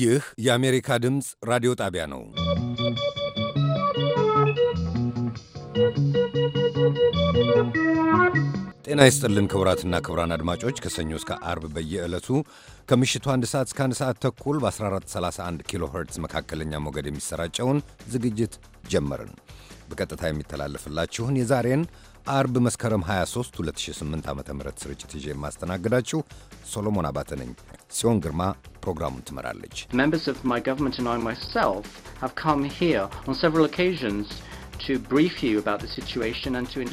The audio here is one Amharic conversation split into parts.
ይህ የአሜሪካ ድምፅ ራዲዮ ጣቢያ ነው። ጤና ይስጥልን ክቡራትና ክቡራን አድማጮች ከሰኞ እስከ አርብ በየዕለቱ ከምሽቱ አንድ ሰዓት እስከ አንድ ሰዓት ተኩል በ1431 ኪሎ ኸርትዝ መካከለኛ ሞገድ የሚሰራጨውን ዝግጅት ጀመርን። በቀጥታ የሚተላለፍላችሁን የዛሬን አርብ መስከረም 23 2008 ዓ ም ስርጭት ይዤ የማስተናግዳችሁ ሶሎሞን አባተ ነኝ። ጽዮን ግርማ ፕሮግራሙን ትመራለች።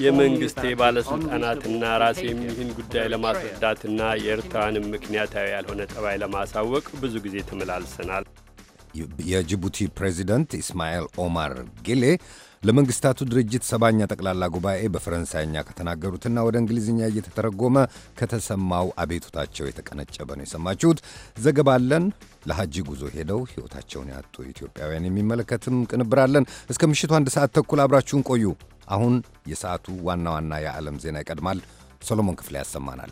የመንግሥቴ ባለሥልጣናትና ራሴም ይህን ጉዳይ ለማስረዳትና የኤርትራንም ምክንያታዊ ያልሆነ ጠባይ ለማሳወቅ ብዙ ጊዜ ተመላልሰናል። የጅቡቲ ፕሬዚደንት ኢስማኤል ኦማር ጌሌ ለመንግስታቱ ድርጅት ሰባኛ ጠቅላላ ጉባኤ በፈረንሳይኛ ከተናገሩትና ወደ እንግሊዝኛ እየተተረጎመ ከተሰማው አቤቱታቸው የተቀነጨበ ነው የሰማችሁት። ዘገባለን ለሐጂ ጉዞ ሄደው ሕይወታቸውን ያጡ ኢትዮጵያውያን የሚመለከትም ቅንብራለን። እስከ ምሽቱ አንድ ሰዓት ተኩል አብራችሁን ቆዩ። አሁን የሰዓቱ ዋና ዋና የዓለም ዜና ይቀድማል። ሰሎሞን ክፍሌ ያሰማናል።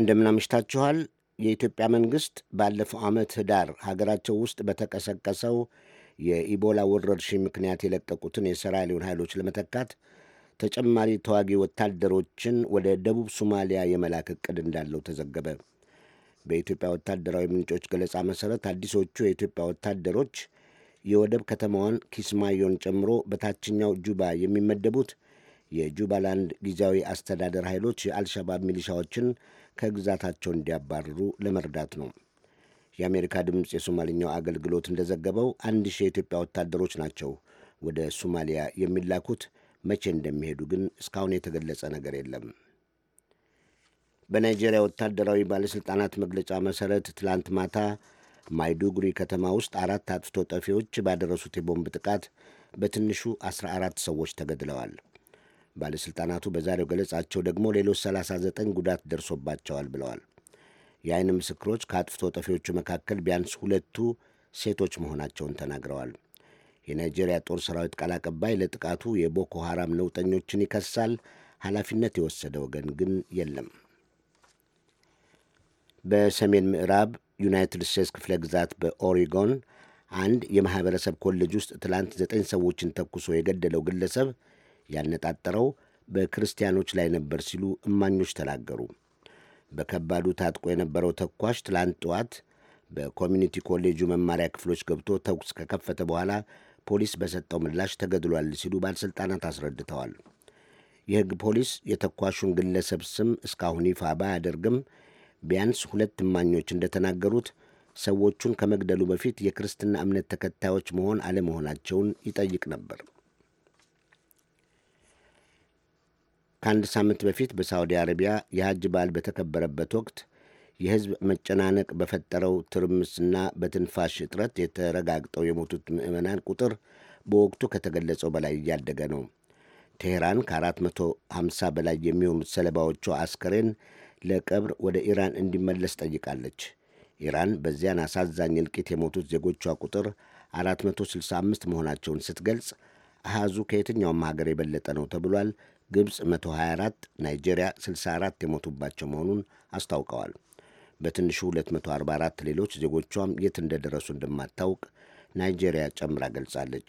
እንደምናምሽታችኋል። የኢትዮጵያ መንግሥት ባለፈው ዓመት ህዳር ሀገራቸው ውስጥ በተቀሰቀሰው የኢቦላ ወረርሽኝ ምክንያት የለቀቁትን የሰራሊዮን ኃይሎች ለመተካት ተጨማሪ ተዋጊ ወታደሮችን ወደ ደቡብ ሶማሊያ የመላክ ዕቅድ እንዳለው ተዘገበ። በኢትዮጵያ ወታደራዊ ምንጮች ገለጻ መሠረት አዲሶቹ የኢትዮጵያ ወታደሮች የወደብ ከተማዋን ኪስማዮን ጨምሮ በታችኛው ጁባ የሚመደቡት የጁባላንድ ጊዜያዊ አስተዳደር ኃይሎች የአልሸባብ ሚሊሻዎችን ከግዛታቸው እንዲያባርሩ ለመርዳት ነው። የአሜሪካ ድምፅ የሶማልኛው አገልግሎት እንደዘገበው አንድ ሺህ የኢትዮጵያ ወታደሮች ናቸው ወደ ሶማሊያ የሚላኩት። መቼ እንደሚሄዱ ግን እስካሁን የተገለጸ ነገር የለም። በናይጄሪያ ወታደራዊ ባለሥልጣናት መግለጫ መሠረት ትላንት ማታ ማይዱጉሪ ከተማ ውስጥ አራት አጥፍቶ ጠፊዎች ባደረሱት የቦምብ ጥቃት በትንሹ 14 ሰዎች ተገድለዋል። ባለሥልጣናቱ በዛሬው ገለጻቸው ደግሞ ሌሎች 39 ጉዳት ደርሶባቸዋል ብለዋል። የአይን ምስክሮች ከአጥፍቶ ጠፊዎቹ መካከል ቢያንስ ሁለቱ ሴቶች መሆናቸውን ተናግረዋል። የናይጄሪያ ጦር ሰራዊት ቃል አቀባይ ለጥቃቱ የቦኮ ሐራም ነውጠኞችን ይከሳል፣ ኃላፊነት የወሰደ ወገን ግን የለም። በሰሜን ምዕራብ ዩናይትድ ስቴትስ ክፍለ ግዛት በኦሪጎን አንድ የማኅበረሰብ ኮሌጅ ውስጥ ትላንት ዘጠኝ ሰዎችን ተኩሶ የገደለው ግለሰብ ያነጣጠረው በክርስቲያኖች ላይ ነበር ሲሉ እማኞች ተናገሩ። በከባዱ ታጥቆ የነበረው ተኳሽ ትላንት ጠዋት በኮሚኒቲ ኮሌጁ መማሪያ ክፍሎች ገብቶ ተኩስ ከከፈተ በኋላ ፖሊስ በሰጠው ምላሽ ተገድሏል ሲሉ ባለሥልጣናት አስረድተዋል። የሕግ ፖሊስ የተኳሹን ግለሰብ ስም እስካሁን ይፋ ባያደርግም ቢያንስ ሁለት እማኞች እንደተናገሩት ሰዎቹን ከመግደሉ በፊት የክርስትና እምነት ተከታዮች መሆን አለመሆናቸውን ይጠይቅ ነበር። ከአንድ ሳምንት በፊት በሳዑዲ አረቢያ የሐጅ በዓል በተከበረበት ወቅት የሕዝብ መጨናነቅ በፈጠረው ትርምስና በትንፋሽ እጥረት የተረጋግጠው የሞቱት ምዕመናን ቁጥር በወቅቱ ከተገለጸው በላይ እያደገ ነው። ቴሄራን ከ450 በላይ የሚሆኑት ሰለባዎቿ አስከሬን ለቀብር ወደ ኢራን እንዲመለስ ጠይቃለች። ኢራን በዚያን አሳዛኝ እልቂት የሞቱት ዜጎቿ ቁጥር 465 መሆናቸውን ስትገልጽ አሃዙ ከየትኛውም ሀገር የበለጠ ነው ተብሏል። ግብፅ 124፣ ናይጄሪያ 64 የሞቱባቸው መሆኑን አስታውቀዋል። በትንሹ 244 ሌሎች ዜጎቿም የት እንደደረሱ እንደማታውቅ ናይጄሪያ ጨምራ ገልጻለች።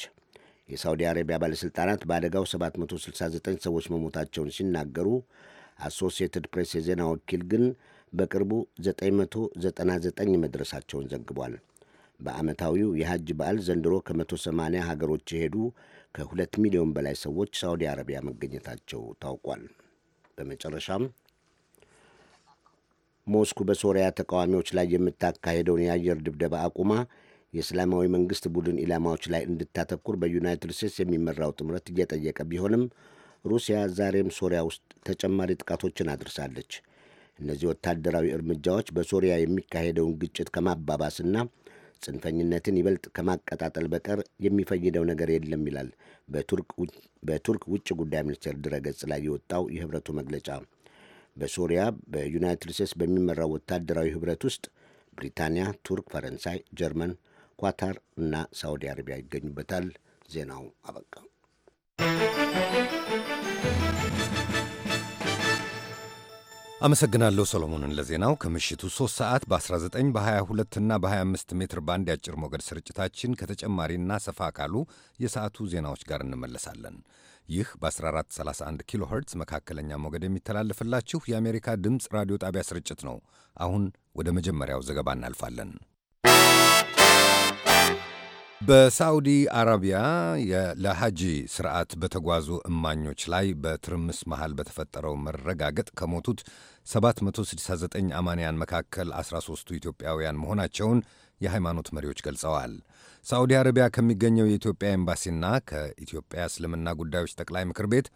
የሳውዲ አረቢያ ባለሥልጣናት በአደጋው 769 ሰዎች መሞታቸውን ሲናገሩ አሶሲየትድ ፕሬስ የዜና ወኪል ግን በቅርቡ 999 መድረሳቸውን ዘግቧል። በዓመታዊው የሐጅ በዓል ዘንድሮ ከ180 ሀገሮች የሄዱ ከሁለት ሚሊዮን በላይ ሰዎች ሳውዲ አረቢያ መገኘታቸው ታውቋል። በመጨረሻም ሞስኩ በሶሪያ ተቃዋሚዎች ላይ የምታካሄደውን የአየር ድብደባ አቁማ የእስላማዊ መንግስት ቡድን ኢላማዎች ላይ እንድታተኩር በዩናይትድ ስቴትስ የሚመራው ጥምረት እየጠየቀ ቢሆንም ሩሲያ ዛሬም ሶሪያ ውስጥ ተጨማሪ ጥቃቶችን አድርሳለች። እነዚህ ወታደራዊ እርምጃዎች በሶሪያ የሚካሄደውን ግጭት ከማባባስና ጽንፈኝነትን ይበልጥ ከማቀጣጠል በቀር የሚፈይደው ነገር የለም ይላል በቱርክ ውጭ ጉዳይ ሚኒስቴር ድረገጽ ላይ የወጣው የህብረቱ መግለጫ። በሶሪያ በዩናይትድ ስቴትስ በሚመራው ወታደራዊ ህብረት ውስጥ ብሪታንያ፣ ቱርክ፣ ፈረንሳይ፣ ጀርመን፣ ኳታር እና ሳውዲ አረቢያ ይገኙበታል። ዜናው አበቃ። አመሰግናለሁ ሰሎሞንን ለዜናው። ከምሽቱ 3 ሰዓት በ19 በ22 እና በ25 ሜትር ባንድ የአጭር ሞገድ ስርጭታችን ከተጨማሪና ሰፋ ካሉ የሰዓቱ ዜናዎች ጋር እንመለሳለን። ይህ በ1431 ኪሎ ኸርትዝ መካከለኛ ሞገድ የሚተላለፍላችሁ የአሜሪካ ድምፅ ራዲዮ ጣቢያ ስርጭት ነው። አሁን ወደ መጀመሪያው ዘገባ እናልፋለን። በሳዑዲ አረቢያ ለሐጂ ስርዓት በተጓዙ እማኞች ላይ በትርምስ መሃል በተፈጠረው መረጋገጥ ከሞቱት 769 አማንያን መካከል 13ቱ ኢትዮጵያውያን መሆናቸውን የሃይማኖት መሪዎች ገልጸዋል። ሳዑዲ አረቢያ ከሚገኘው የኢትዮጵያ ኤምባሲና ከኢትዮጵያ እስልምና ጉዳዮች ጠቅላይ ምክር ቤት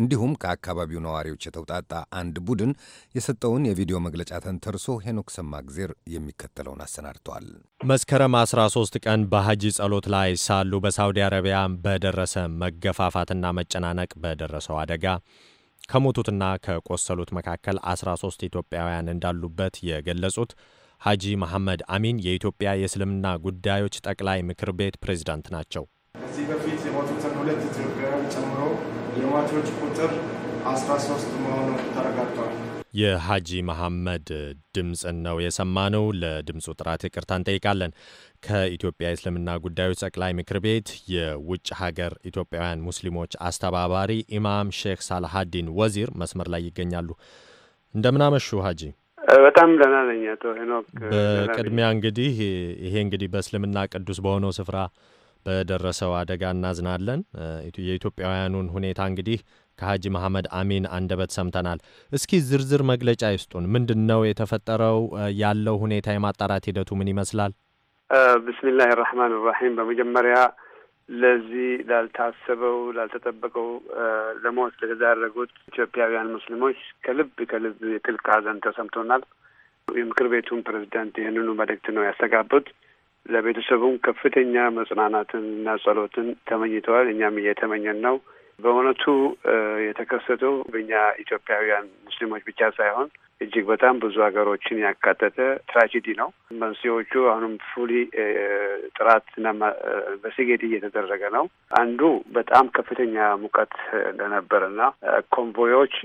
እንዲሁም ከአካባቢው ነዋሪዎች የተውጣጣ አንድ ቡድን የሰጠውን የቪዲዮ መግለጫ ተንተርሶ ሄኖክ ሰማግዜር የሚከተለውን አሰናድተዋል። መስከረም 13 ቀን በሐጂ ጸሎት ላይ ሳሉ በሳውዲ አረቢያ በደረሰ መገፋፋትና መጨናነቅ በደረሰው አደጋ ከሞቱትና ከቆሰሉት መካከል 13 ኢትዮጵያውያን እንዳሉበት የገለጹት ሐጂ መሐመድ አሚን የኢትዮጵያ የእስልምና ጉዳዮች ጠቅላይ ምክር ቤት ፕሬዝዳንት ናቸው። ከዚህ በፊት የሞቱትን ሁለት ኢትዮጵያውያን ጨምሮ የሟቾች ቁጥር 13 መሆኑ ተረጋግጧል። የሐጂ መሐመድ ድምፅን ነው የሰማነው። ለድምፁ ጥራት ይቅርታ እንጠይቃለን። ከኢትዮጵያ የእስልምና ጉዳዮች ጠቅላይ ምክር ቤት የውጭ ሀገር ኢትዮጵያውያን ሙስሊሞች አስተባባሪ ኢማም ሼክ ሳልሃዲን ወዚር መስመር ላይ ይገኛሉ። እንደምናመሹ ሐጂ። በጣም ደህና ነኝ አቶ ሄኖክ። በቅድሚያ እንግዲህ ይሄ እንግዲህ በእስልምና ቅዱስ በሆነው ስፍራ በደረሰው አደጋ እናዝናለን። የኢትዮጵያውያኑን ሁኔታ እንግዲህ ከሀጂ መሐመድ አሚን አንደበት ሰምተናል። እስኪ ዝርዝር መግለጫ ይስጡን። ምንድን ነው የተፈጠረው? ያለው ሁኔታ የማጣራት ሂደቱ ምን ይመስላል? ብስሚላህ ራህማን ራሒም። በመጀመሪያ ለዚህ ላልታሰበው፣ ላልተጠበቀው ለሞት ለተዳረጉት ኢትዮጵያውያን ሙስሊሞች ከልብ ከልብ የጥልቅ ሐዘን ተሰምቶናል። የምክር ቤቱን ፕሬዚዳንት ይህንኑ መልእክት ነው ያስተጋቡት። ለቤተሰቡም ከፍተኛ መጽናናትን እና ጸሎትን ተመኝተዋል። እኛም እየተመኘን ነው። በእውነቱ የተከሰተው በእኛ ኢትዮጵያውያን ሙስሊሞች ብቻ ሳይሆን እጅግ በጣም ብዙ ሀገሮችን ያካተተ ትራጂዲ ነው። መንስኤዎቹ አሁንም ፉሊ ጥራት በስጌድ እየተደረገ ነው። አንዱ በጣም ከፍተኛ ሙቀት እንደነበረና ኮንቮዮች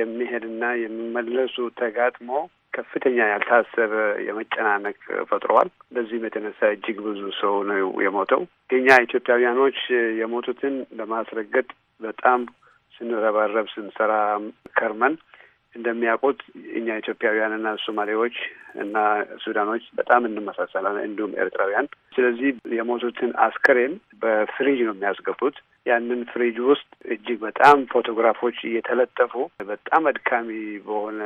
የሚሄድና የሚመለሱ ተጋጥሞ ከፍተኛ ያልታሰበ የመጨናነቅ ፈጥረዋል። በዚህም የተነሳ እጅግ ብዙ ሰው ነው የሞተው። የኛ ኢትዮጵያውያኖች የሞቱትን ለማስረገጥ በጣም ስንረባረብ ስንሰራ ከርመን እንደሚያውቁት እኛ ኢትዮጵያውያንና ሶማሌዎች እና ሱዳኖች በጣም እንመሳሰላለን፣ እንዲሁም ኤርትራውያን። ስለዚህ የሞቱትን አስከሬን በፍሪጅ ነው የሚያስገቡት። ያንን ፍሪጅ ውስጥ እጅግ በጣም ፎቶግራፎች እየተለጠፉ በጣም አድካሚ በሆነ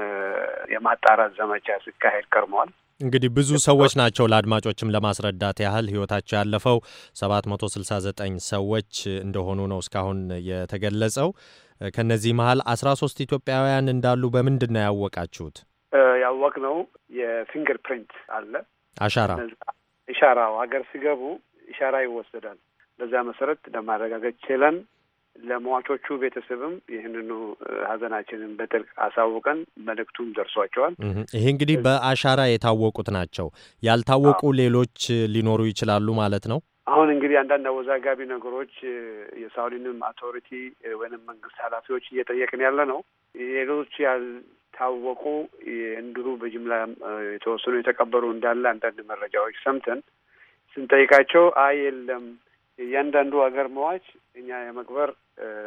የማጣራት ዘመቻ ሲካሄድ ከርመዋል። እንግዲህ ብዙ ሰዎች ናቸው። ለአድማጮችም ለማስረዳት ያህል ህይወታቸው ያለፈው 769 ሰዎች እንደሆኑ ነው እስካሁን የተገለጸው። ከነዚህ መሀል 13 ኢትዮጵያውያን እንዳሉ በምንድን ነው ያወቃችሁት? ያወቅ ነው የፊንገር ፕሪንት አለ አሻራ፣ ኢሻራው ሀገር ሲገቡ ኢሻራ ይወሰዳል በዚያ መሰረት ለማረጋገጥ ችለን ለሟቾቹ ቤተሰብም ይህንኑ ሀዘናችንን በጥልቅ አሳውቀን መልእክቱም ደርሷቸዋል። ይሄ እንግዲህ በአሻራ የታወቁት ናቸው። ያልታወቁ ሌሎች ሊኖሩ ይችላሉ ማለት ነው። አሁን እንግዲህ አንዳንድ አወዛጋቢ ነገሮች የሳውዲንም አውቶሪቲ ወይም መንግስት ኃላፊዎች እየጠየቅን ያለ ነው። ሌሎች ያልታወቁ እንዲሁ በጅምላ የተወሰኑ የተቀበሩ እንዳለ አንዳንድ መረጃዎች ሰምተን ስንጠይቃቸው አይ የለም እያንዳንዱ ሀገር መዋች እኛ የመቅበር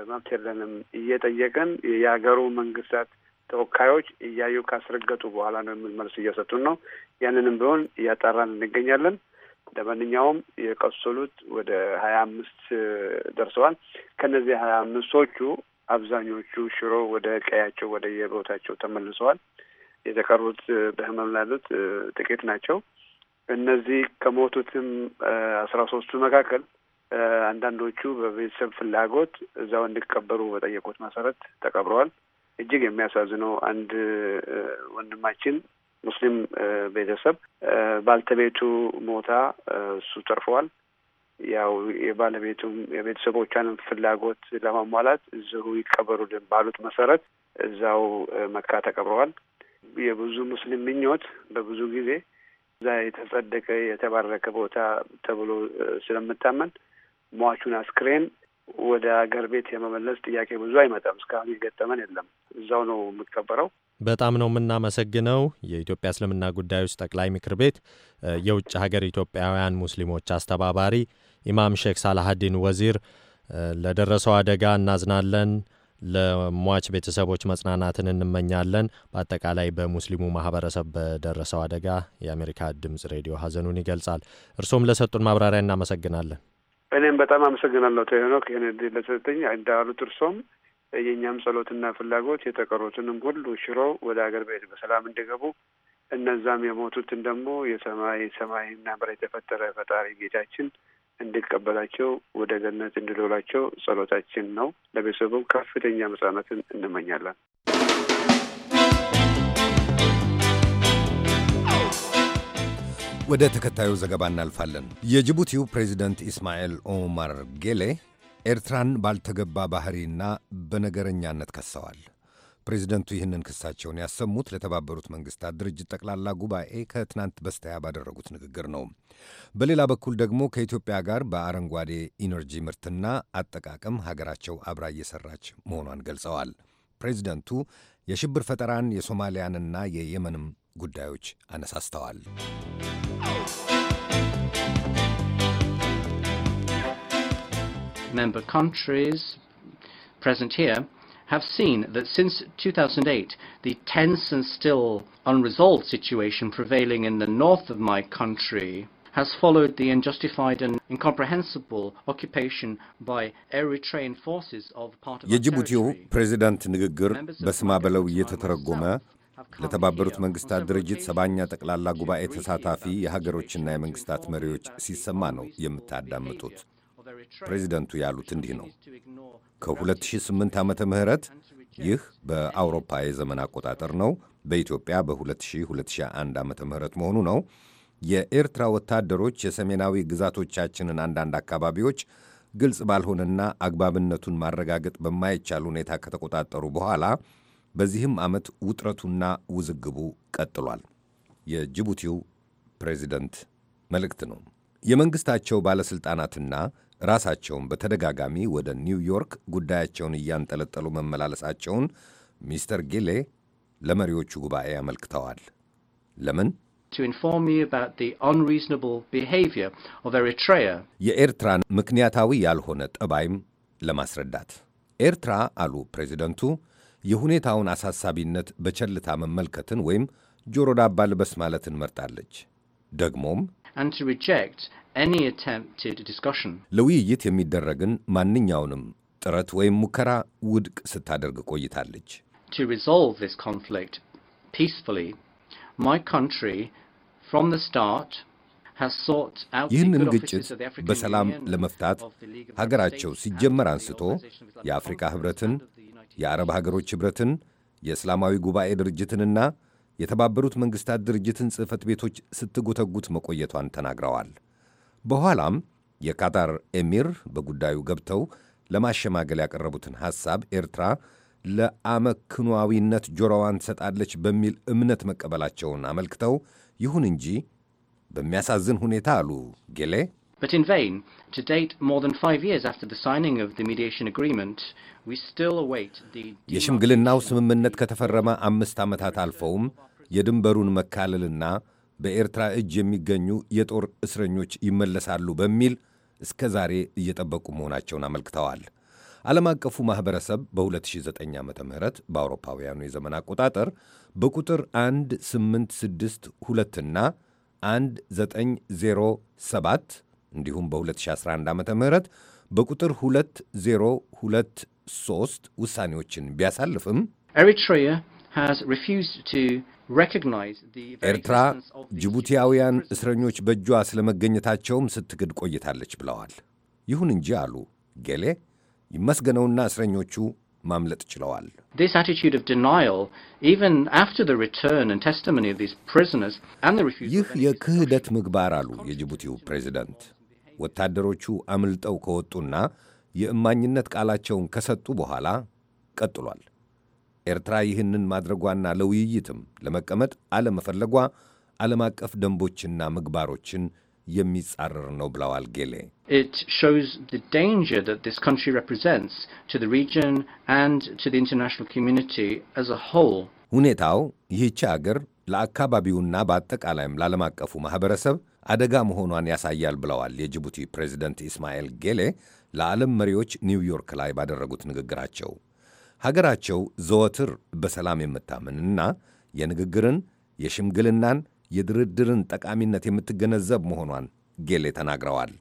መብት የለንም እየጠየቅን የሀገሩ መንግስታት ተወካዮች እያዩ ካስረገጡ በኋላ ነው የሚል መልስ እየሰጡን ነው። ያንንም ቢሆን እያጣራን እንገኛለን። ለማንኛውም የቆሰሉት ወደ ሀያ አምስት ደርሰዋል። ከነዚህ ሀያ አምስቶቹ አብዛኞቹ ሽሮ ወደ ቀያቸው ወደ የቦታቸው ተመልሰዋል። የተቀሩት በህመም ላሉት ጥቂት ናቸው። እነዚህ ከሞቱትም አስራ ሶስቱ መካከል አንዳንዶቹ በቤተሰብ ፍላጎት እዛው እንዲቀበሩ በጠየቁት መሰረት ተቀብረዋል። እጅግ የሚያሳዝነው አንድ ወንድማችን ሙስሊም ቤተሰብ ባልተቤቱ ሞታ እሱ ተርፈዋል። ያው የባለቤቱም የቤተሰቦቿንም ፍላጎት ለማሟላት እዚሁ ይቀበሩልን ባሉት መሰረት እዛው መካ ተቀብረዋል። የብዙ ሙስሊም ምኞት በብዙ ጊዜ እዛ የተጸደቀ የተባረከ ቦታ ተብሎ ስለምታመን ሟቹን አስክሬን ወደ አገር ቤት የመመለስ ጥያቄ ብዙ አይመጣም። እስካሁን የገጠመን የለም። እዛው ነው የምትቀበረው። በጣም ነው የምናመሰግነው። የኢትዮጵያ እስልምና ጉዳዮች ጠቅላይ ምክር ቤት የውጭ ሀገር ኢትዮጵያውያን ሙስሊሞች አስተባባሪ ኢማም ሼክ ሳላሀዲን ወዚር፣ ለደረሰው አደጋ እናዝናለን። ለሟች ቤተሰቦች መጽናናትን እንመኛለን። በአጠቃላይ በሙስሊሙ ማህበረሰብ በደረሰው አደጋ የአሜሪካ ድምጽ ሬዲዮ ሀዘኑን ይገልጻል። እርሶም ለሰጡን ማብራሪያ እናመሰግናለን። እኔም በጣም አመሰግናለሁ አቶ ይህን እድል ለሰጠኝ። እንዳሉት እርሶም የእኛም ጸሎትና ፍላጎት የተቀሩትንም ሁሉ ሽሮ ወደ ሀገር ቤት በሰላም እንዲገቡ እነዛም የሞቱትን ደግሞ የሰማይ ሰማይና መሬት የተፈጠረ ፈጣሪ ጌታችን እንዲቀበላቸው ወደ ገነት እንዲዶላቸው ጸሎታችን ነው። ለቤተሰቡም ከፍተኛ መጽናናትን እንመኛለን። ወደ ተከታዩ ዘገባ እናልፋለን። የጅቡቲው ፕሬዚደንት ኢስማኤል ኦማር ጌሌ ኤርትራን ባልተገባ ባህሪና በነገረኛነት ከሰዋል። ፕሬዚደንቱ ይህንን ክሳቸውን ያሰሙት ለተባበሩት መንግስታት ድርጅት ጠቅላላ ጉባኤ ከትናንት በስተያ ባደረጉት ንግግር ነው። በሌላ በኩል ደግሞ ከኢትዮጵያ ጋር በአረንጓዴ ኢነርጂ ምርትና አጠቃቀም ሀገራቸው አብራ እየሰራች መሆኗን ገልጸዋል። ፕሬዚደንቱ የሽብር ፈጠራን የሶማሊያንና የየመንም ጉዳዮች አነሳስተዋል። Member countries present here have seen that since 2008, the tense and still unresolved situation prevailing in the north of my country has followed the unjustified and incomprehensible occupation by Eritrean forces of part of የጅቡቲው ፕሬዚዳንት ንግግር በስማ በለው እየተተረጎመ ለተባበሩት መንግስታት ድርጅት ሰባኛ ጠቅላላ ጉባኤ ተሳታፊ የሀገሮችና የመንግስታት መሪዎች ሲሰማ ነው የምታዳምጡት። ፕሬዚደንቱ ያሉት እንዲህ ነው። ከ2008 ዓመተ ምህረት ይህ በአውሮፓ የዘመን አቆጣጠር ነው። በኢትዮጵያ በ 20201 2001 ዓመተ ምህረት መሆኑ ነው። የኤርትራ ወታደሮች የሰሜናዊ ግዛቶቻችንን አንዳንድ አካባቢዎች ግልጽ ባልሆነና አግባብነቱን ማረጋገጥ በማይቻል ሁኔታ ከተቆጣጠሩ በኋላ በዚህም ዓመት ውጥረቱና ውዝግቡ ቀጥሏል። የጅቡቲው ፕሬዚደንት መልእክት ነው። የመንግሥታቸው ባለሥልጣናትና ራሳቸውን በተደጋጋሚ ወደ ኒውዮርክ ጉዳያቸውን እያንጠለጠሉ መመላለሳቸውን ሚስተር ጌሌ ለመሪዎቹ ጉባኤ አመልክተዋል። ለምን? የኤርትራን ምክንያታዊ ያልሆነ ጠባይም ለማስረዳት ኤርትራ አሉ ፕሬዚደንቱ የሁኔታውን አሳሳቢነት በቸልታ መመልከትን ወይም ጆሮ ዳባ ልበስ ማለትን መርጣለች። ደግሞም ለውይይት የሚደረግን ማንኛውንም ጥረት ወይም ሙከራ ውድቅ ስታደርግ ቆይታለች። my country from the ስታርት ይህንን ግጭት በሰላም ለመፍታት ሀገራቸው ሲጀመር አንስቶ የአፍሪካ ኅብረትን፣ የአረብ ሀገሮች ኅብረትን፣ የእስላማዊ ጉባኤ ድርጅትንና የተባበሩት መንግሥታት ድርጅትን ጽሕፈት ቤቶች ስትጎተጉት መቆየቷን ተናግረዋል። በኋላም የካታር ኤሚር በጉዳዩ ገብተው ለማሸማገል ያቀረቡትን ሐሳብ ኤርትራ ለአመክኗዊነት ጆሮዋን ትሰጣለች በሚል እምነት መቀበላቸውን አመልክተው ይሁን እንጂ በሚያሳዝን ሁኔታ አሉ ጌሌ የሽምግልናው ስምምነት ከተፈረመ አምስት ዓመታት አልፈውም የድንበሩን መካለልና በኤርትራ እጅ የሚገኙ የጦር እስረኞች ይመለሳሉ በሚል እስከ ዛሬ እየጠበቁ መሆናቸውን አመልክተዋል። ዓለም አቀፉ ማኅበረሰብ በ2009 ዓ ም በአውሮፓውያኑ የዘመን አቆጣጠር በቁጥር 1862ና 1907 እንዲሁም በ2011 ዓ ም በቁጥር 2023 ውሳኔዎችን ቢያሳልፍም ኤርትራ ጅቡቲያውያን እስረኞች በእጇ ስለመገኘታቸውም ስትግድ ቆይታለች ብለዋል። ይሁን እንጂ አሉ ጌሌ ይመስገነውና እስረኞቹ ማምለጥ ችለዋል። ይህ የክህደት ምግባር አሉ የጅቡቲው ፕሬዚደንት ወታደሮቹ አምልጠው ከወጡና የእማኝነት ቃላቸውን ከሰጡ በኋላ ቀጥሏል። ኤርትራ ይህንን ማድረጓና ለውይይትም ለመቀመጥ አለመፈለጓ ዓለም አቀፍ ደንቦችና ምግባሮችን የሚጻረር ነው ብለዋል ጌሌ። ሁኔታው ይህች አገር ለአካባቢውና በአጠቃላይም ለዓለም አቀፉ ማህበረሰብ አደጋ መሆኗን ያሳያል ብለዋል የጅቡቲ ፕሬዚደንት ኢስማኤል ጌሌ ለዓለም መሪዎች ኒውዮርክ ላይ ባደረጉት ንግግራቸው። ሀገራቸው ዘወትር በሰላም የምታምንና የንግግርን የሽምግልናን የድርድርን ጠቃሚነት የምትገነዘብ መሆኗን ጌሌ ተናግረዋል።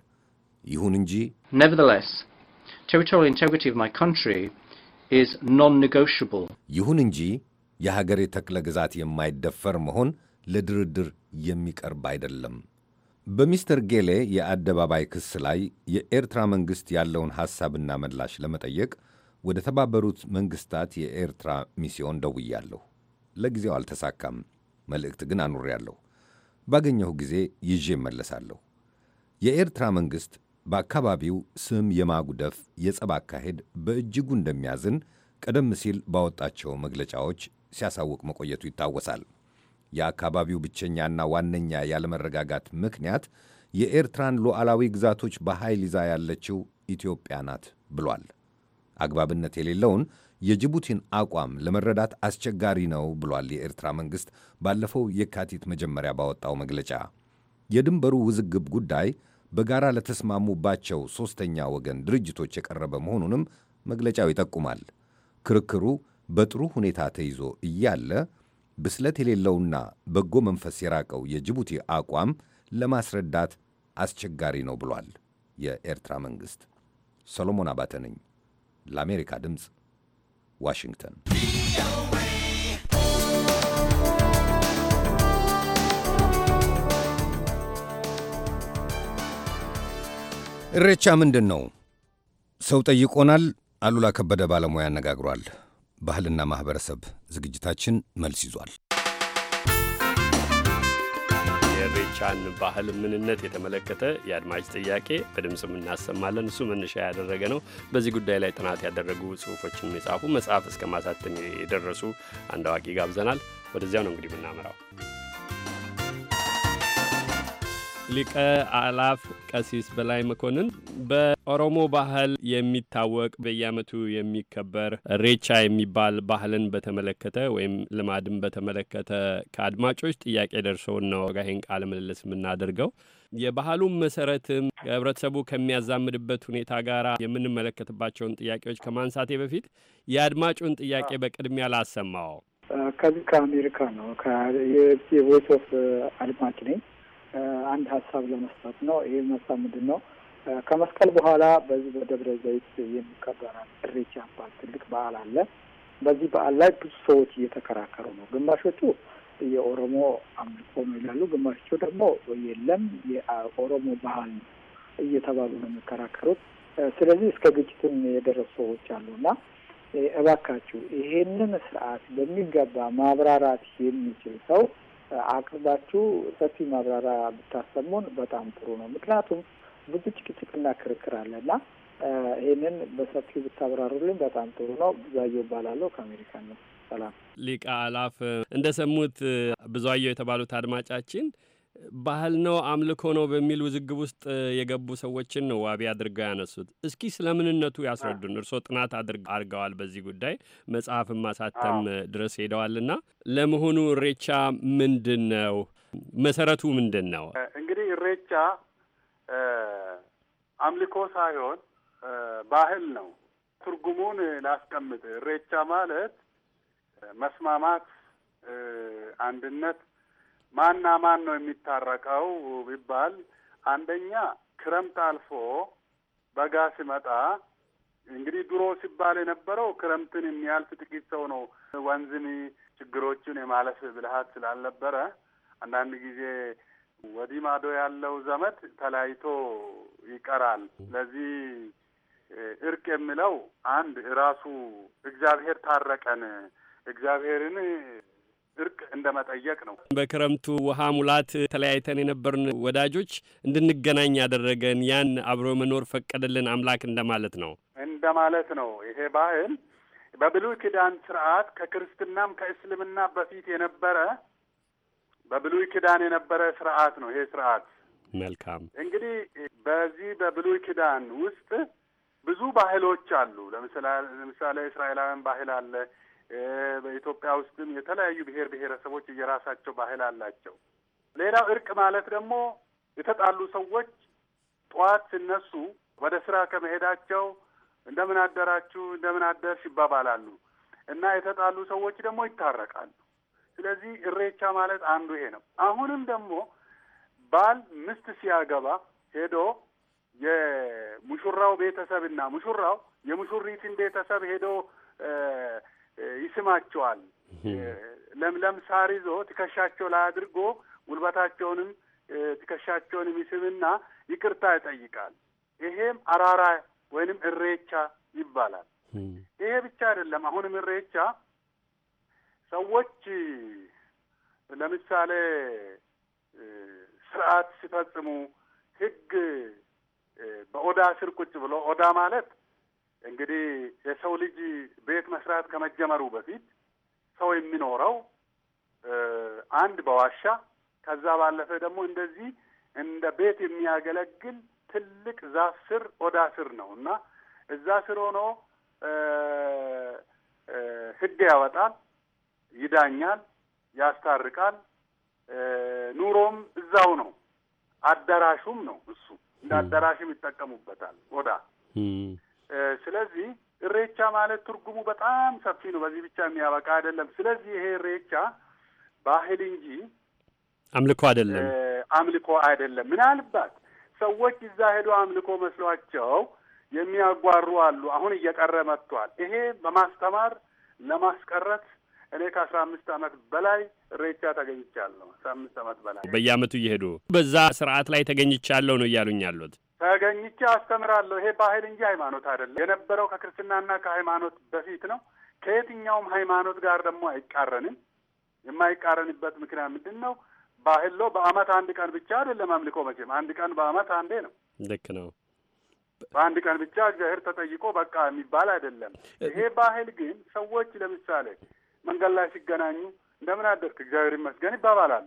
ይሁን እንጂ ይሁን እንጂ የሀገሬ ተክለ ግዛት የማይደፈር መሆን ለድርድር የሚቀርብ አይደለም። በሚስተር ጌሌ የአደባባይ ክስ ላይ የኤርትራ መንግሥት ያለውን ሐሳብና ምላሽ ለመጠየቅ ወደ ተባበሩት መንግሥታት የኤርትራ ሚስዮን ደውያለሁ። ለጊዜው አልተሳካም። መልእክት ግን አኑሬያለሁ። ባገኘሁ ጊዜ ይዤ እመለሳለሁ። የኤርትራ መንግሥት በአካባቢው ስም የማጉደፍ የጸብ አካሄድ በእጅጉ እንደሚያዝን ቀደም ሲል ባወጣቸው መግለጫዎች ሲያሳውቅ መቆየቱ ይታወሳል። የአካባቢው ብቸኛና ዋነኛ ያለመረጋጋት ምክንያት የኤርትራን ሉዓላዊ ግዛቶች በኃይል ይዛ ያለችው ኢትዮጵያ ናት ብሏል። አግባብነት የሌለውን የጅቡቲን አቋም ለመረዳት አስቸጋሪ ነው ብሏል። የኤርትራ መንግሥት ባለፈው የካቲት መጀመሪያ ባወጣው መግለጫ የድንበሩ ውዝግብ ጉዳይ በጋራ ለተስማሙባቸው ሦስተኛ ወገን ድርጅቶች የቀረበ መሆኑንም መግለጫው ይጠቁማል። ክርክሩ በጥሩ ሁኔታ ተይዞ እያለ ብስለት የሌለውና በጎ መንፈስ የራቀው የጅቡቲ አቋም ለማስረዳት አስቸጋሪ ነው ብሏል የኤርትራ መንግሥት። ሰሎሞን አባተ ነኝ ለአሜሪካ ድምፅ ዋሽንግተን። እሬቻ ምንድን ነው? ሰው ጠይቆናል። አሉላ ከበደ ባለሙያ አነጋግሯል። ባህልና ማኅበረሰብ ዝግጅታችን መልስ ይዟል። የአፍሪካን ባህል ምንነት የተመለከተ የአድማጭ ጥያቄ በድምፅም እናሰማለን። እሱ መነሻ ያደረገ ነው። በዚህ ጉዳይ ላይ ጥናት ያደረጉ ጽሁፎችን የጻፉ መጽሐፍ እስከ ማሳተም የደረሱ አንድ አዋቂ ጋብዘናል። ወደዚያው ነው እንግዲህ የምናመራው። ሊቀ አላፍ ቀሲስ በላይ መኮንን በኦሮሞ ባህል የሚታወቅ በየዓመቱ የሚከበር ሬቻ የሚባል ባህልን በተመለከተ ወይም ልማድን በተመለከተ ከአድማጮች ጥያቄ ደርሰውን ነው ጋሄን ቃለ ምልልስ የምናደርገው። የባህሉም መሰረትም ህብረተሰቡ ከሚያዛምድበት ሁኔታ ጋር የምንመለከትባቸውን ጥያቄዎች ከማንሳቴ በፊት የአድማጩን ጥያቄ በቅድሚያ ላሰማው። ከዚህ ከአሜሪካ ነው። የቮይስ ኦፍ አድማጭ ነኝ። አንድ ሀሳብ ለመስጠት ነው። ይህ መሳብ ምንድን ነው? ከመስቀል በኋላ በዚህ በደብረ ዘይት የሚከበራል እሬቻ ይባል ትልቅ በዓል አለ። በዚህ በዓል ላይ ብዙ ሰዎች እየተከራከሩ ነው። ግማሾቹ የኦሮሞ አምልኮ ነው ይላሉ፣ ግማሾቹ ደግሞ የለም የኦሮሞ ባህል እየተባሉ ነው የሚከራከሩት። ስለዚህ እስከ ግጭትም የደረሱ ሰዎች እና እባካችሁ ይሄንን ስርዓት በሚገባ ማብራራት የሚችል ሰው አቅርባችሁ ሰፊ ማብራሪያ ብታሰሙን በጣም ጥሩ ነው። ምክንያቱም ብዙ ጭቅጭቅና ክርክር አለና ይህንን በሰፊው ብታብራሩልን በጣም ጥሩ ነው። ብዙአየሁ ይባላለሁ ከአሜሪካ ነው። ሰላም ሊቀ አላፍ እንደሰሙት ብዙአየሁ የተባሉት አድማጫችን ባህል ነው አምልኮ ነው በሚል ውዝግብ ውስጥ የገቡ ሰዎችን ነው ዋቢ አድርገው ያነሱት። እስኪ ስለምንነቱ ያስረዱን። እርስዎ ጥናት አድርገዋል በዚህ ጉዳይ መጽሐፍን ማሳተም ድረስ ሄደዋልና ለመሆኑ እሬቻ ምንድን ነው? መሰረቱ ምንድን ነው? እንግዲህ እሬቻ አምልኮ ሳይሆን ባህል ነው። ትርጉሙን ላስቀምጥ። እሬቻ ማለት መስማማት፣ አንድነት ማና ማን ነው የሚታረቀው ቢባል አንደኛ ክረምት አልፎ በጋ ሲመጣ እንግዲህ ድሮ ሲባል የነበረው ክረምትን የሚያልፍ ጥቂት ሰው ነው ወንዝን ችግሮችን የማለፍ ብልሃት ስላልነበረ አንዳንድ ጊዜ ወዲህ ማዶ ያለው ዘመድ ተለያይቶ ይቀራል። ስለዚህ እርቅ የሚለው አንድ ራሱ እግዚአብሔር ታረቀን እግዚአብሔርን ድርቅ እንደ መጠየቅ ነው። በክረምቱ ውሃ ሙላት ተለያይተን የነበርን ወዳጆች እንድንገናኝ ያደረገን ያን አብሮ መኖር ፈቀደልን አምላክ እንደማለት ነው እንደማለት ነው። ይሄ ባህል በብሉይ ኪዳን ስርዓት ከክርስትናም ከእስልምና በፊት የነበረ በብሉይ ኪዳን የነበረ ስርዓት ነው። ይሄ ስርዓት መልካም እንግዲህ በዚህ በብሉይ ኪዳን ውስጥ ብዙ ባህሎች አሉ። ለምሳሌ እስራኤላውያን ባህል አለ፣ በኢትዮጵያ ውስጥም የተለያዩ ብሔር ብሔረሰቦች የራሳቸው ባህል አላቸው። ሌላው እርቅ ማለት ደግሞ የተጣሉ ሰዎች ጠዋት ሲነሱ ወደ ስራ ከመሄዳቸው እንደምን አደራችሁ፣ እንደምን አደርሽ ይባባላሉ እና የተጣሉ ሰዎች ደግሞ ይታረቃሉ። ስለዚህ እሬቻ ማለት አንዱ ይሄ ነው። አሁንም ደግሞ ባል ምስት ሲያገባ ሄዶ የሙሹራው ቤተሰብና ሙሹራው የሙሹሪትን ቤተሰብ ሄዶ ይስማቸዋል። ለምለም ሳር ይዞ ትከሻቸው ላይ አድርጎ ጉልበታቸውንም ትከሻቸውንም ይስምና ይቅርታ ይጠይቃል። ይሄም አራራ ወይንም እሬቻ ይባላል። ይሄ ብቻ አይደለም። አሁንም እሬቻ ሰዎች ለምሳሌ ስርዓት ሲፈጽሙ ህግ በኦዳ ስር ቁጭ ብሎ ኦዳ ማለት እንግዲህ የሰው ልጅ ቤት መስራት ከመጀመሩ በፊት ሰው የሚኖረው አንድ በዋሻ ከዛ ባለፈ ደግሞ እንደዚህ እንደ ቤት የሚያገለግል ትልቅ ዛፍ ስር ኦዳ ስር ነው እና እዛ ስር ሆኖ ህግ ያወጣል፣ ይዳኛል፣ ያስታርቃል። ኑሮም እዛው ነው፣ አዳራሹም ነው እሱ እንደ አዳራሽም ይጠቀሙበታል ኦዳ ስለዚህ እሬቻ ማለት ትርጉሙ በጣም ሰፊ ነው። በዚህ ብቻ የሚያበቃ አይደለም። ስለዚህ ይሄ እሬቻ ባህል እንጂ አምልኮ አይደለም፣ አምልኮ አይደለም። ምናልባት ሰዎች እዛ ሄዶ አምልኮ መስሏቸው የሚያጓሩ አሉ። አሁን እየቀረ መጥቷል። ይሄ በማስተማር ለማስቀረት እኔ ከአስራ አምስት አመት በላይ ሬቻ ተገኝቻለሁ። አስራ አምስት አመት በላይ በየአመቱ እየሄዱ በዛ ስርዓት ላይ ተገኝቻለሁ ነው እያሉኝ ያሉት። ተገኝቼ አስተምራለሁ። ይሄ ባህል እንጂ ሃይማኖት አይደለም። የነበረው ከክርስትናና ከሃይማኖት በፊት ነው። ከየትኛውም ሃይማኖት ጋር ደግሞ አይቃረንም። የማይቃረንበት ምክንያት ምንድን ነው? ባህል ነው። በአመት አንድ ቀን ብቻ አይደለም አምልኮ። መቼም አንድ ቀን በአመት አንዴ ነው። ልክ ነው። በአንድ ቀን ብቻ እግዚአብሔር ተጠይቆ በቃ የሚባል አይደለም። ይሄ ባህል ግን ሰዎች ለምሳሌ መንገድ ላይ ሲገናኙ እንደምን አደርክ፣ እግዚአብሔር ይመስገን ይባባላል።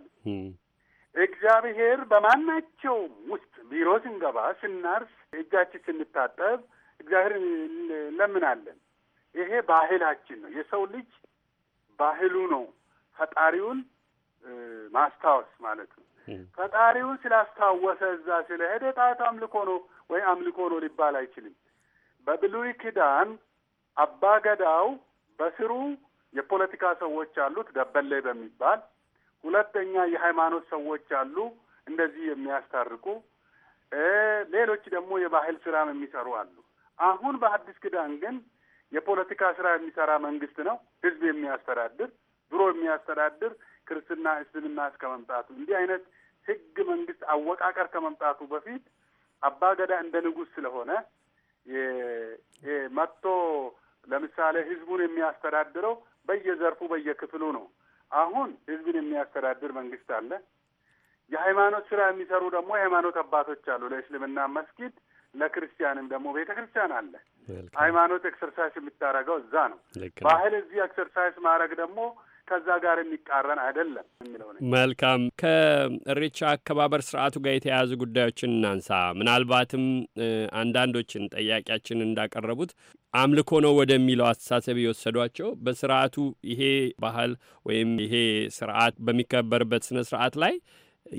እግዚአብሔር በማናቸው ውስጥ ቢሮ ስንገባ፣ ስናርስ፣ እጃችን ስንታጠብ እግዚአብሔር እንለምናለን። ይሄ ባህላችን ነው። የሰው ልጅ ባህሉ ነው ፈጣሪውን ማስታወስ ማለት ነው። ፈጣሪውን ስላስታወሰ እዛ ስለሄደ ጣዖት አምልኮ ነው ወይ አምልኮ ነው ሊባል አይችልም። በብሉይ ኪዳን አባገዳው በስሩ የፖለቲካ ሰዎች አሉት ደበሌ በሚባል ሁለተኛ የሃይማኖት ሰዎች አሉ እንደዚህ የሚያስታርቁ፣ ሌሎች ደግሞ የባህል ስራም የሚሰሩ አሉ። አሁን በአዲስ ኪዳን ግን የፖለቲካ ስራ የሚሰራ መንግስት ነው ህዝብ የሚያስተዳድር ድሮ የሚያስተዳድር ክርስትና እስልምና እስከ መምጣቱ እንዲህ አይነት ህግ መንግስት አወቃቀር ከመምጣቱ በፊት አባ ገዳ እንደ ንጉስ ስለሆነ መጥቶ ለምሳሌ ህዝቡን የሚያስተዳድረው በየዘርፉ በየክፍሉ ነው። አሁን ህዝብን የሚያስተዳድር መንግስት አለ። የሃይማኖት ስራ የሚሰሩ ደግሞ የሃይማኖት አባቶች አሉ። ለእስልምና መስጊድ፣ ለክርስቲያንም ደግሞ ቤተ ክርስቲያን አለ። ሃይማኖት ኤክሰርሳይዝ የምታደርገው እዛ ነው። ባህል እዚህ ኤክሰርሳይዝ ማድረግ ደግሞ ከዛ ጋር የሚቃረን አይደለም የሚለው መልካም። ከእሬቻ አከባበር ስርዓቱ ጋር የተያያዙ ጉዳዮችን እናንሳ። ምናልባትም አንዳንዶችን ጠያቂያችን እንዳቀረቡት አምልኮ ነው ወደሚለው አስተሳሰብ የወሰዷቸው በስርዓቱ ይሄ ባህል ወይም ይሄ ስርዓት በሚከበርበት ስነ ስርዓት ላይ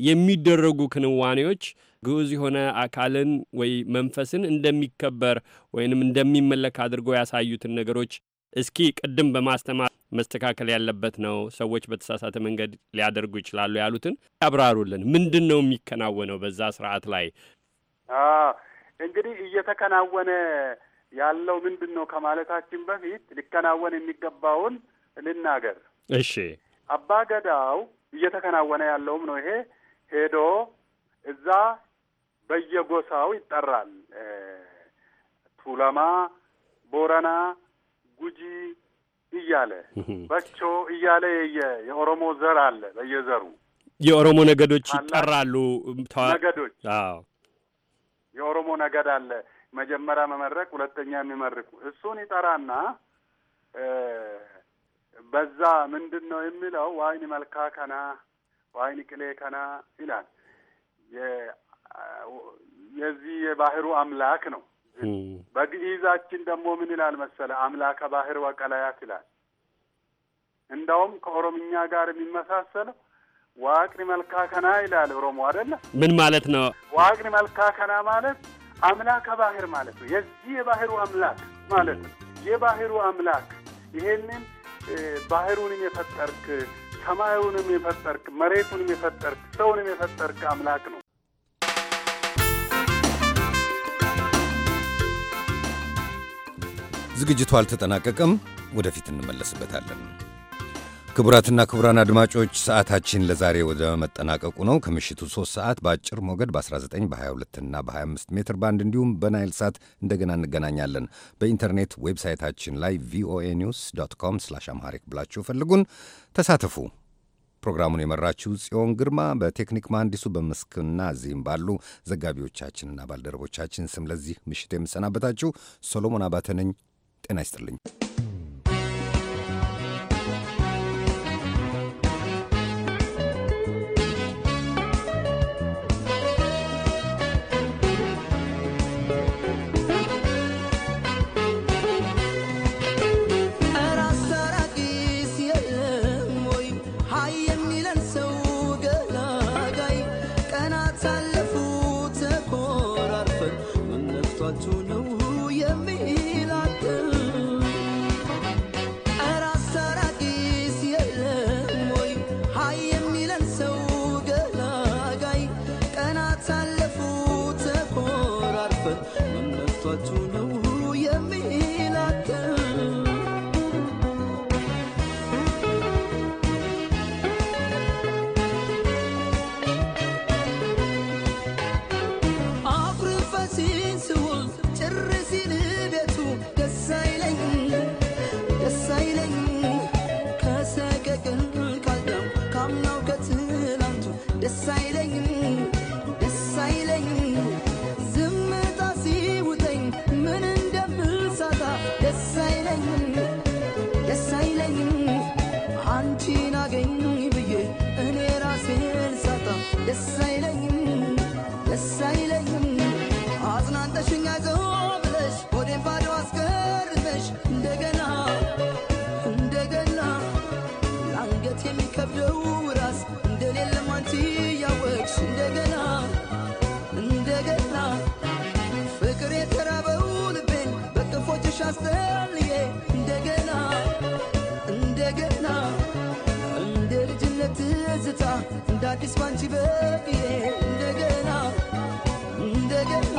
የሚደረጉ ክንዋኔዎች ግዑዝ የሆነ አካልን ወይ መንፈስን እንደሚከበር ወይንም እንደሚመለክ አድርገው ያሳዩትን ነገሮች እስኪ ቅድም በማስተማር መስተካከል ያለበት ነው፣ ሰዎች በተሳሳተ መንገድ ሊያደርጉ ይችላሉ ያሉትን ያብራሩልን። ምንድን ነው የሚከናወነው በዛ ስርዓት ላይ? እንግዲህ እየተከናወነ ያለው ምንድን ነው ከማለታችን በፊት ሊከናወን የሚገባውን ልናገር። እሺ። አባ ገዳው እየተከናወነ ያለውም ነው ይሄ። ሄዶ እዛ በየጎሳው ይጠራል። ቱለማ፣ ቦረና ጉጂ እያለ በቾ እያለ የኦሮሞ ዘር አለ። በየዘሩ የኦሮሞ ነገዶች ይጠራሉ። ነገዶች የኦሮሞ ነገድ አለ። መጀመሪያ መመረቅ፣ ሁለተኛ የሚመርቁ እሱን ይጠራና በዛ ምንድን ነው የሚለው ዋይን መልካ ከና ዋይን ቅሌ ከና ይላል። የዚህ የባህሩ አምላክ ነው በግዕዛችን ደግሞ ምን ይላል መሰለ? አምላከ ባህር ወቀላያት ይላል። እንደውም ከኦሮምኛ ጋር የሚመሳሰለው ዋቅሪ መልካከና ይላል ኦሮሞ አደለ? ምን ማለት ነው? ዋቅሪ መልካከና ማለት አምላከ ባህር ማለት ነው። የዚህ የባህሩ አምላክ ማለት ነው። የባህሩ አምላክ ይሄንን ባህሩንም የፈጠርክ ሰማዩንም የፈጠርክ መሬቱንም የፈጠርክ ሰውንም የፈጠርክ አምላክ ነው። ዝግጅቱ አልተጠናቀቀም፣ ወደፊት እንመለስበታለን። ክቡራትና ክቡራን አድማጮች ሰዓታችን ለዛሬ ወደ መጠናቀቁ ነው። ከምሽቱ 3 ሰዓት በአጭር ሞገድ በ19 በ22ና በ25 ሜትር ባንድ እንዲሁም በናይል ሳት እንደገና እንገናኛለን። በኢንተርኔት ዌብሳይታችን ላይ ቪኦኤ ኒውስ ዶት ኮም ስላሽ አምሃሪክ ብላችሁ ፈልጉን፣ ተሳተፉ። ፕሮግራሙን የመራችው ጽዮን ግርማ፣ በቴክኒክ መሐንዲሱ በመስክና እዚህም ባሉ ዘጋቢዎቻችንና ባልደረቦቻችን ስም ለዚህ ምሽት የምሰናበታችሁ ሶሎሞን አባተ ነኝ። ጤና ይስጥልኝ። አስተልዬ እንደገና እንደገና እንደ እንደ አዲስ ባንቺ በቅዬ እንደገና እንደገና